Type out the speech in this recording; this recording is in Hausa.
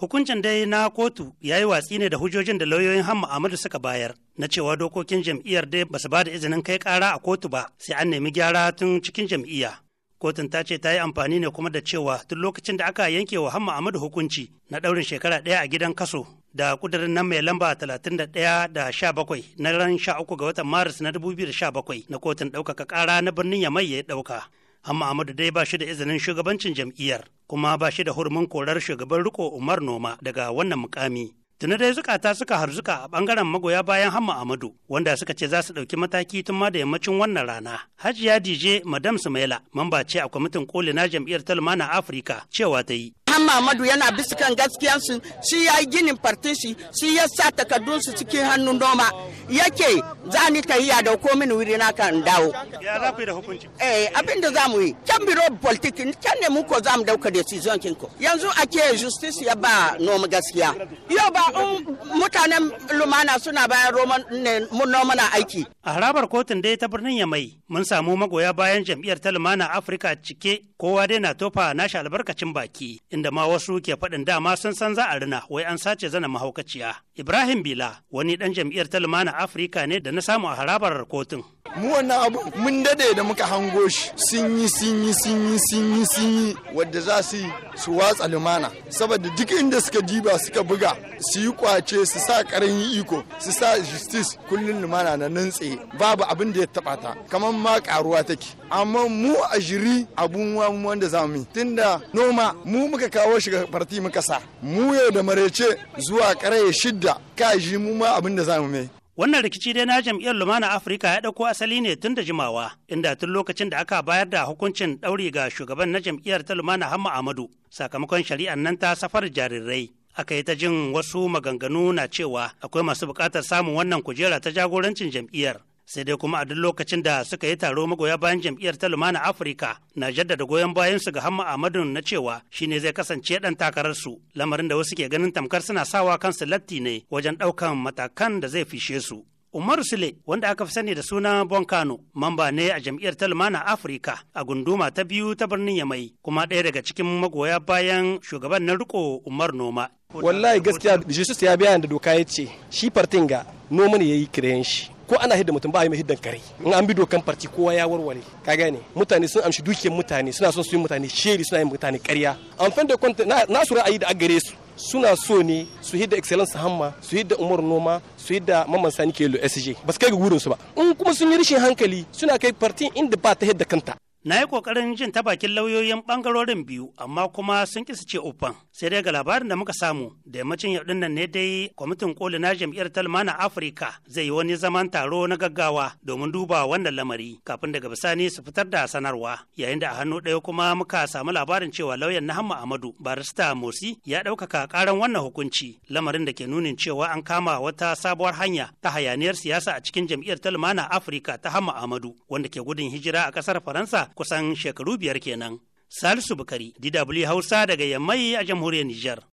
Hukuncin dai na kotu ya yi watsi ne da hujjojin da lauyoyin Hamma Ahmadu suka bayar na cewa dokokin jam'iyyar dai basu ba da izinin kai kara a kotu ba sai an nemi gyara tun cikin jam'iyya. Kotun ta ce ta yi amfani ne kuma da cewa tun lokacin da aka yanke wa Hamma Ahmadu hukunci na ɗaurin shekara ɗaya a gidan kaso da kudirin nan mai lamba 31 da 17 na ran 13 ga watan Maris na 2017 na kotun ɗaukaka kara na birnin Yamai ya yi ɗauka. amma Amadu dai ba shi da izinin shugabancin jam'iyyar kuma ba shi da hurumin korar shugaban riko Umar Noma daga wannan mukami. Tuna dai zukata suka harzuka a bangaren magoya bayan Hamma ahmadu wanda suka ce za su ɗauki mataki tun ma da yammacin wannan rana. Hajiya DJ Madam Sumaila mamba ce a kwamitin koli na jam'iyyar Talmana Afirka cewa ta yi. Hamma Amadu yana biskan kan gaskiyansu shi ya yi ginin fartin shi shi ya sa takardunsu cikin hannun noma yake za ni tahiya da ko mini wuri na kan dawo ya rafi da hukunci eh abin da za mu yi can biro politik can ne mu ko za mu dauka decision kin ko yanzu ake justice ya ba noma gaskiya yau ba mutanen lumana suna bayan roman ne mun na aiki a harabar kotun dai ta birnin yamai mun samu magoya bayan jam'iyyar ta lumana afirka cike kowa dai na tofa nashi albarkacin baki inda ma wasu ke faɗin dama sun san za a rina wai an sace zana mahaukaciya Ibrahim Bila wani ɗan jam'iyyar lumana Afirka ne da na samu a harabar kotun. Mu wannan abu mun dade da muka hango shi sun yi sun yi sun yi sun yi sun yi wadda za su yi su watsa lumana saboda duk inda suka diba suka buga su yi kwace su sa yi iko su sa justice kullun lumana na nan tsaye babu abin da ya taɓa ta kamar ma karuwa take. amma mu a jiri abun wanda za mu yi tunda noma mu muka kawo shiga farti muka sa mu yau da marece zuwa karaye shidda ka ji mu ma abin da za mu yi. Wannan rikici dai na jam'iyyar Lumana Afirka ya ɗauko asali ne tun da jimawa, inda tun lokacin da aka bayar da hukuncin ɗauri ga shugaban na jam'iyyar ta Lumana Hamma Ahmadu sakamakon shari'ar nan ta safar jarirai. Aka yi ta jin wasu maganganu na cewa akwai masu bukatar samun wannan kujera ta jagorancin jam'iyyar. sai dai kuma a duk lokacin da suka yi taro magoya bayan jam'iyyar ta lumana afirka na jaddada goyon bayan su ga hamma ahmadu na cewa shine zai kasance dan su lamarin da wasu ke ganin tamkar suna sawa kansu latti ne wajen ɗaukan matakan da zai fishe su Umaru Sule wanda aka fi sani da suna Bonkano mamba ne a jam'iyyar Talmana Afirka a gunduma ta biyu ta birnin ya mai kuma ɗaya daga cikin magoya bayan shugaban na riko Umar Noma. Wallahi gaskiya Jesus ya biya da doka ya ce shi fartinga noma ne yayi kiran shi ko ana hidda mutum ba a yi mai hiddan kare in an bi dokan farci kowa ya warware ka gane mutane sun amshi dukiyar mutane suna son su yi mutane sheri suna yin mutane karya amfan da kwanta na su ra'ayi da a gare su suna so ne su hidda excellence hamma su hidda umar noma su hidda mamman sani kelo sj ba su kai ga su ba in kuma sun yi rashin hankali suna kai farti inda ba ta hidda kanta Na yi kokarin jin ta bakin lauyoyin bangarorin biyu amma kuma sun kisa ce uffan. Sai dai ga labarin da muka samu da yammacin yau nan ne dai kwamitin koli na jam'iyyar na Afirka zai yi wani zaman taro na gaggawa domin duba wannan lamari kafin daga bisani su fitar da sanarwa. Yayin da a hannu ɗaya kuma muka samu labarin cewa lauyan na Hamma Ahmadu barista Mosi ya ɗaukaka ƙaran wannan hukunci lamarin da ke nunin cewa an kama wata sabuwar hanya ta hayaniyar siyasa a cikin jam'iyyar na Afirka ta Hamma Ahmadu wanda ke gudun hijira a ƙasar Faransa kusan shekaru biyar kenan. Salisu Bukari, DW Hausa daga Yamai a jamhuriyar Nijar.